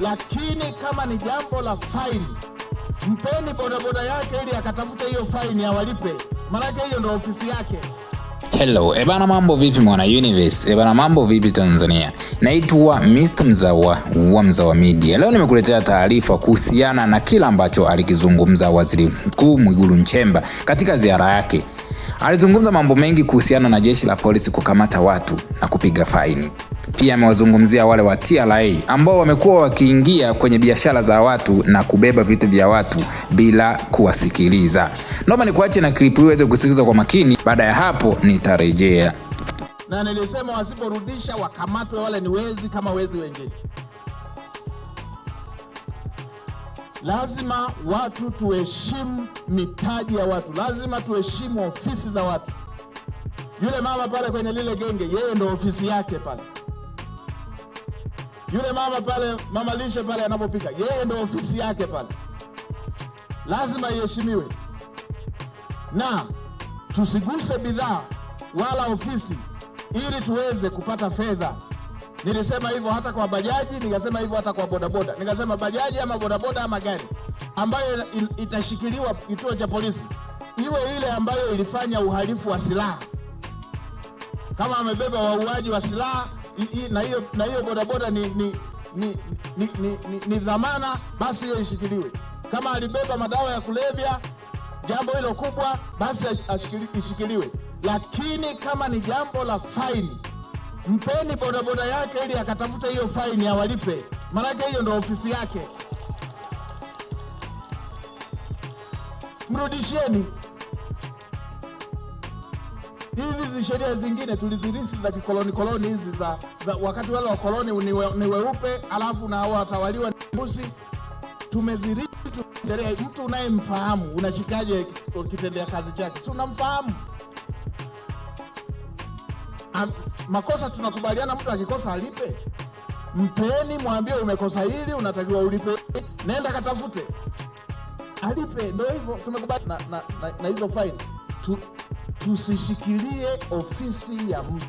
lakini kama ni jambo la faini, mpeni bodaboda yake ili akatafute hiyo faini awalipe, maanake hiyo ndo ofisi yake. Hello ebana, eh mambo vipi mwana universe? Ebana, eh mambo vipi Tanzania? Naitwa Mr. Mzawa wa Mzawa Media. Leo nimekuletea taarifa kuhusiana na kila ambacho alikizungumza Waziri Mkuu Mwigulu Nchemba katika ziara yake. Alizungumza mambo mengi kuhusiana na jeshi la polisi kukamata watu na kupiga faini. Pia amewazungumzia wale wa TRA ambao wamekuwa wakiingia kwenye biashara za watu na kubeba vitu vya watu bila kuwasikiliza. Naomba nikuache na klipu iweze kusikilizwa kwa makini. Baada ya hapo nitarejea na nilisema wasiporudisha wakamatwe, wale ni wezi kama wezi wengine. Lazima watu tuheshimu mitaji ya watu, lazima tuheshimu ofisi za watu. Yule mama pale kwenye lile genge, yeye ndo ofisi yake pale. Yule mama pale, mama lishe pale anapopika, yeye ndo ofisi yake pale, lazima iheshimiwe, na tusiguse bidhaa wala ofisi ili tuweze kupata fedha. Nilisema hivyo hata kwa bajaji, nikasema hivyo hata kwa bodaboda, nikasema bajaji ama bodaboda ama gari ambayo itashikiliwa kituo cha polisi iwe ile ambayo ilifanya uhalifu wa silaha, kama amebeba wauaji wa silaha na hiyo na hiyo bodaboda ni ni ni ni dhamana ni, ni, ni basi hiyo ishikiliwe. Kama alibeba madawa ya kulevya, jambo hilo kubwa, basi ishikiliwe. Lakini kama ni jambo la faini, mpeni bodaboda yake ili akatafuta hiyo faini awalipe, maanake hiyo ndo ofisi yake, mrudishieni hizi sheria zingine tulizirithi za kikoloni koloni hizi za, za wakati wale wakoloni ni, we, weupe alafu na watawaliwa mbusi. Tumezirithi tuendelea. Mtu unayemfahamu unashikaje kitendea kazi chake? Si unamfahamu? Am, makosa tunakubaliana, mtu akikosa alipe. Mpeni, mwambie umekosa hili, unatakiwa ulipe, nenda katafute, alipe. Ndo hivyo tumekubali na, na, na, na hizo faini Tusishikilie ofisi ya mtu.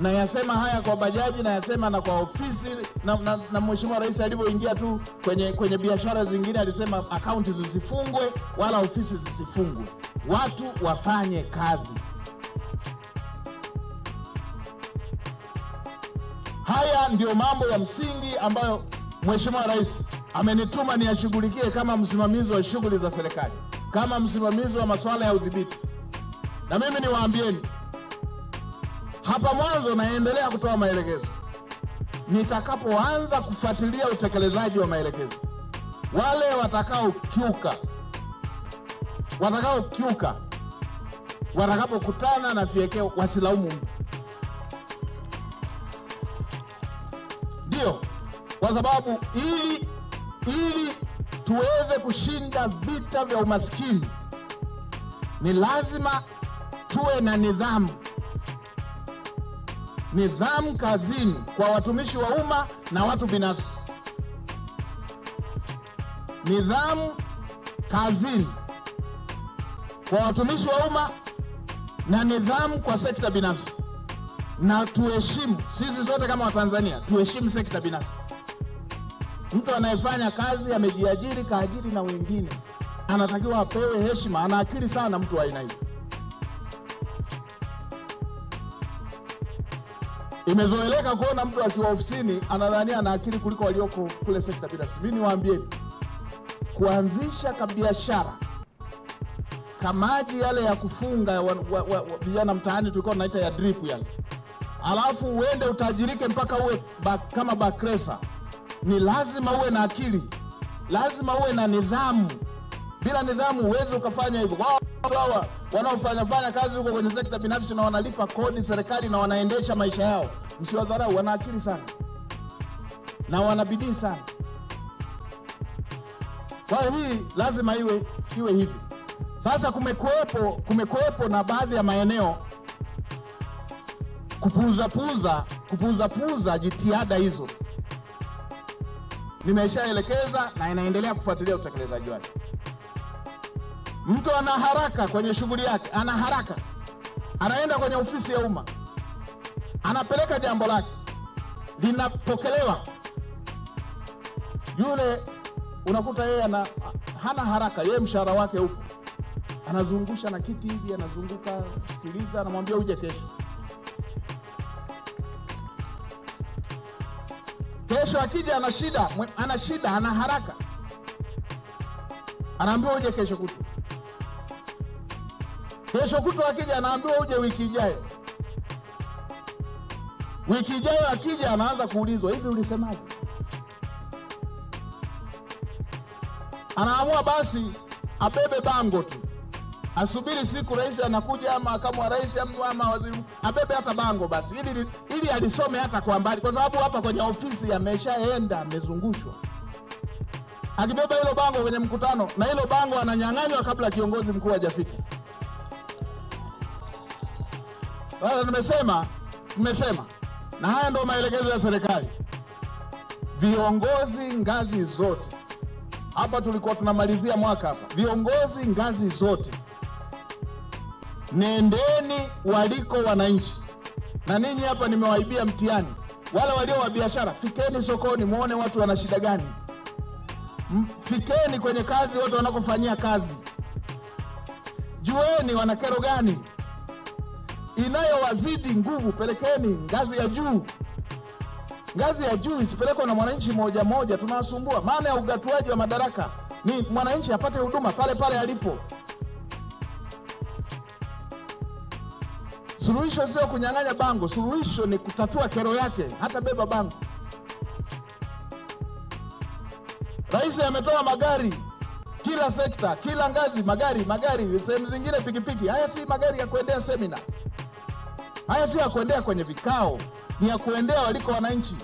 Nayasema haya kwa bajaji, nayasema na kwa ofisi na, na, na Mheshimiwa Rais alivyoingia tu kwenye, kwenye biashara zingine alisema akaunti zisifungwe wala ofisi zisifungwe, watu wafanye kazi. Haya ndiyo mambo ya msingi ambayo Mheshimiwa Rais amenituma niyashughulikie kama msimamizi wa shughuli za serikali, kama msimamizi wa masuala ya udhibiti. Na mimi niwaambieni hapa mwanzo, naendelea kutoa maelekezo. Nitakapoanza kufuatilia utekelezaji wa maelekezo, wale watakaokiuka watakaokiuka watakapokutana na viekeo wasilaumu mtu. ndio kwa sababu ili ili tuweze kushinda vita vya umaskini ni lazima tuwe na nidhamu, nidhamu kazini kwa watumishi wa umma na watu binafsi, nidhamu kazini kwa watumishi wa umma na nidhamu kwa sekta binafsi, na tuheshimu sisi sote kama Watanzania, tuheshimu sekta binafsi. Mtu anayefanya kazi amejiajiri, kaajiri na wengine, anatakiwa apewe heshima. Ana akili sana mtu wa aina hiyo. Imezoeleka kuona mtu akiwa ofisini anadhania ana akili kuliko walioko kule sekta binafsi. Mimi niwaambieni, kuanzisha kabiashara kamaji yale ya kufunga vijana mtaani tulikuwa tunaita ya drip yale, alafu uende utajirike mpaka uwe bak, kama Bakresa, ni lazima uwe na akili, lazima uwe na nidhamu. Bila nidhamu huwezi ukafanya hivyo hawa wanaofanyafanya kazi huko kwenye sekta binafsi na wanalipa kodi serikali na wanaendesha maisha yao, msiwadharau. Wana akili sana na wana bidii sana. Kwa hiyo hii lazima iwe iwe hivi. Sasa kumekuwepo kumekuwepo na baadhi ya maeneo kupuuzapuuza kupuuzapuuza jitihada hizo. Nimeshaelekeza na inaendelea kufuatilia utekelezaji wake. Mtu ana haraka kwenye shughuli yake, ana haraka, anaenda kwenye ofisi ya umma, anapeleka jambo lake, linapokelewa. Yule unakuta yeye ana hana haraka, yeye mshahara wake huko, anazungusha na kiti hivi, anazunguka, sikiliza, anamwambia uje kesho. Kesho akija ana shida, ana shida, ana haraka, anaambiwa uje kesho kutu Kesho kutwa akija anaambiwa uje wiki ijayo. Wiki ijayo akija anaanza kuulizwa, hivi ulisemaje? Anaamua basi abebe bango tu, asubiri siku rais anakuja, ama makamu wa rais, ama waziri, abebe hata bango basi, ili ili alisome hata kwa mbali, kwa sababu hapa kwenye ofisi ameshaenda, amezungushwa akibeba hilo bango kwenye mkutano, na hilo bango ananyang'anywa kabla kiongozi mkuu hajafika. Sasa nimesema nimesema, na haya ndio maelekezo ya serikali. Viongozi ngazi zote hapa, tulikuwa tunamalizia mwaka hapa, viongozi ngazi zote, nendeni waliko wananchi. Na ninyi hapa nimewaibia mtihani, wale walio wa biashara, fikeni sokoni muone watu wana shida gani. Fikeni kwenye kazi, watu wanakofanyia kazi, jueni wana kero gani inayowazidi nguvu pelekeni ngazi ya juu. Ngazi ya juu isipelekwa na mwananchi moja moja, tunawasumbua. Maana ya ugatuaji wa madaraka ni mwananchi apate huduma pale pale alipo. Suluhisho sio kunyang'anya bango, suluhisho ni kutatua kero yake, hata beba bango. Rais ametoa magari kila sekta, kila ngazi, magari, magari, sehemu zingine pikipiki. Haya si magari ya kuendea semina. Haya sio ya kuendea kwenye vikao, ni ya kuendea waliko wananchi.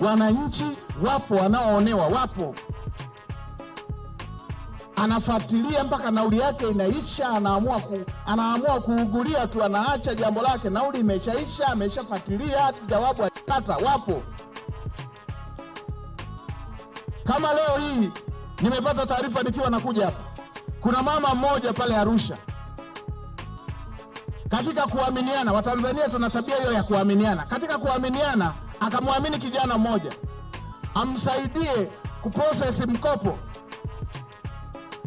Wananchi wapo, wanaoonewa wapo, anafuatilia mpaka nauli yake inaisha, anaamua ku, anaamua kuugulia tu, anaacha jambo lake, nauli imeshaisha, ameshafuatilia jawabu hajapata. Wapo kama leo hii nimepata taarifa nikiwa nakuja hapa kuna mama mmoja pale Arusha, katika kuaminiana, Watanzania tuna tabia hiyo ya kuaminiana. Katika kuaminiana, akamwamini kijana mmoja amsaidie kuprosesi mkopo,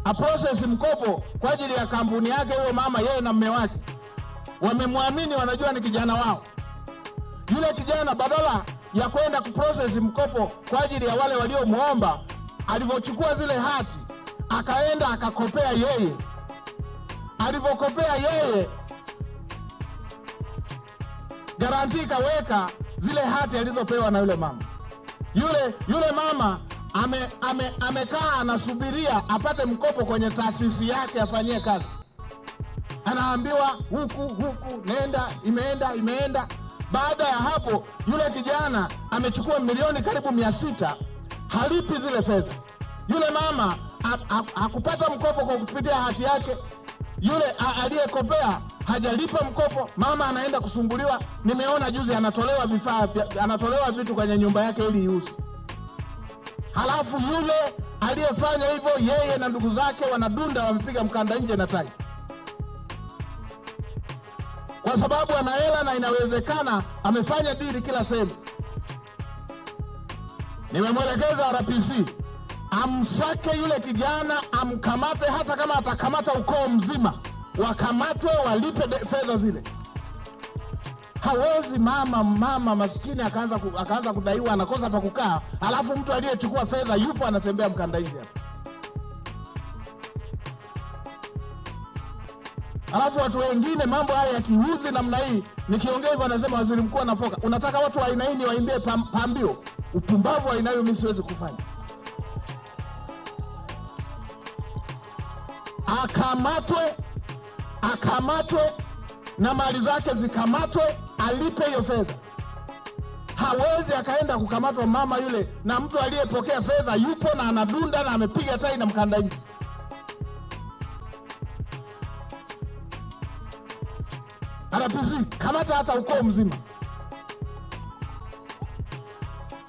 aprosesi mkopo kwa ajili ya kampuni yake. Huyo mama yeye na mme wake wamemwamini, wanajua ni kijana wao. Yule kijana badala ya kwenda kuprosesi mkopo kwa ajili ya wale waliomwomba, alivyochukua zile hati akaenda akakopea yeye. Alivyokopea yeye, garanti ikaweka zile hati alizopewa na yule mama. Yule yule mama ame, ame, amekaa anasubiria apate mkopo kwenye taasisi yake afanyie kazi, anaambiwa huku huku, nenda, imeenda imeenda. Baada ya hapo, yule kijana amechukua milioni karibu mia sita halipi zile fedha. Yule mama hakupata mkopo kwa kupitia hati yake, yule aliyekopea hajalipa mkopo, mama anaenda kusumbuliwa. Nimeona juzi anatolewa vifaa, anatolewa vitu kwenye nyumba yake ili iuze, halafu yule aliyefanya hivyo yeye na ndugu zake wanadunda, wamepiga mkanda nje na tai, kwa sababu ana hela na inawezekana amefanya dili kila sehemu. Nimemwelekeza RPC amsake yule kijana, amkamate, hata kama atakamata ukoo mzima, wakamatwe, walipe fedha zile. Hawezi mama mama maskini akaanza akaanza kudaiwa, anakosa pa kukaa, alafu mtu aliyechukua fedha yupo anatembea mkanda nje, alafu watu wengine mambo haya yakiudhi namna hii. Nikiongea hivyo anasema waziri mkuu anafoka. Unataka watu wa aina hii pambio? Upumbavu wa aina hiyo mi siwezi kufanya. akamatwe, akamatwe na mali zake zikamatwe, alipe hiyo fedha. Hawezi akaenda kukamatwa mama yule, na mtu aliyepokea fedha yupo na anadunda na amepiga tai na mkandaji. RPC, kamata hata ukoo mzima.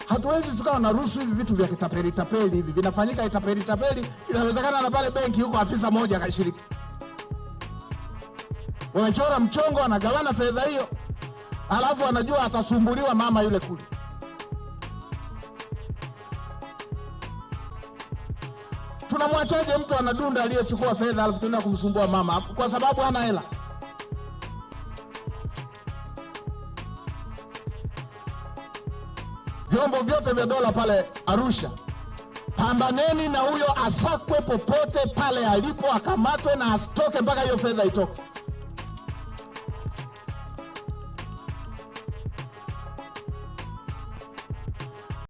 Hatuwezi tukawa na rusu hivi vitu vya kitapeli tapeli hivi vinafanyika itapeli tapeli. Inawezekana na pale benki huko afisa moja akashiriki, wanachora mchongo, anagawana fedha hiyo, alafu anajua atasumbuliwa mama yule kule. Tunamwachaje mtu anadunda aliyechukua fedha alafu tuenda kumsumbua mama kwa sababu hana hela? vyombo vyote vya dola pale Arusha, pambaneni na huyo asakwe popote pale alipo, akamatwe na asitoke mpaka hiyo fedha itoke.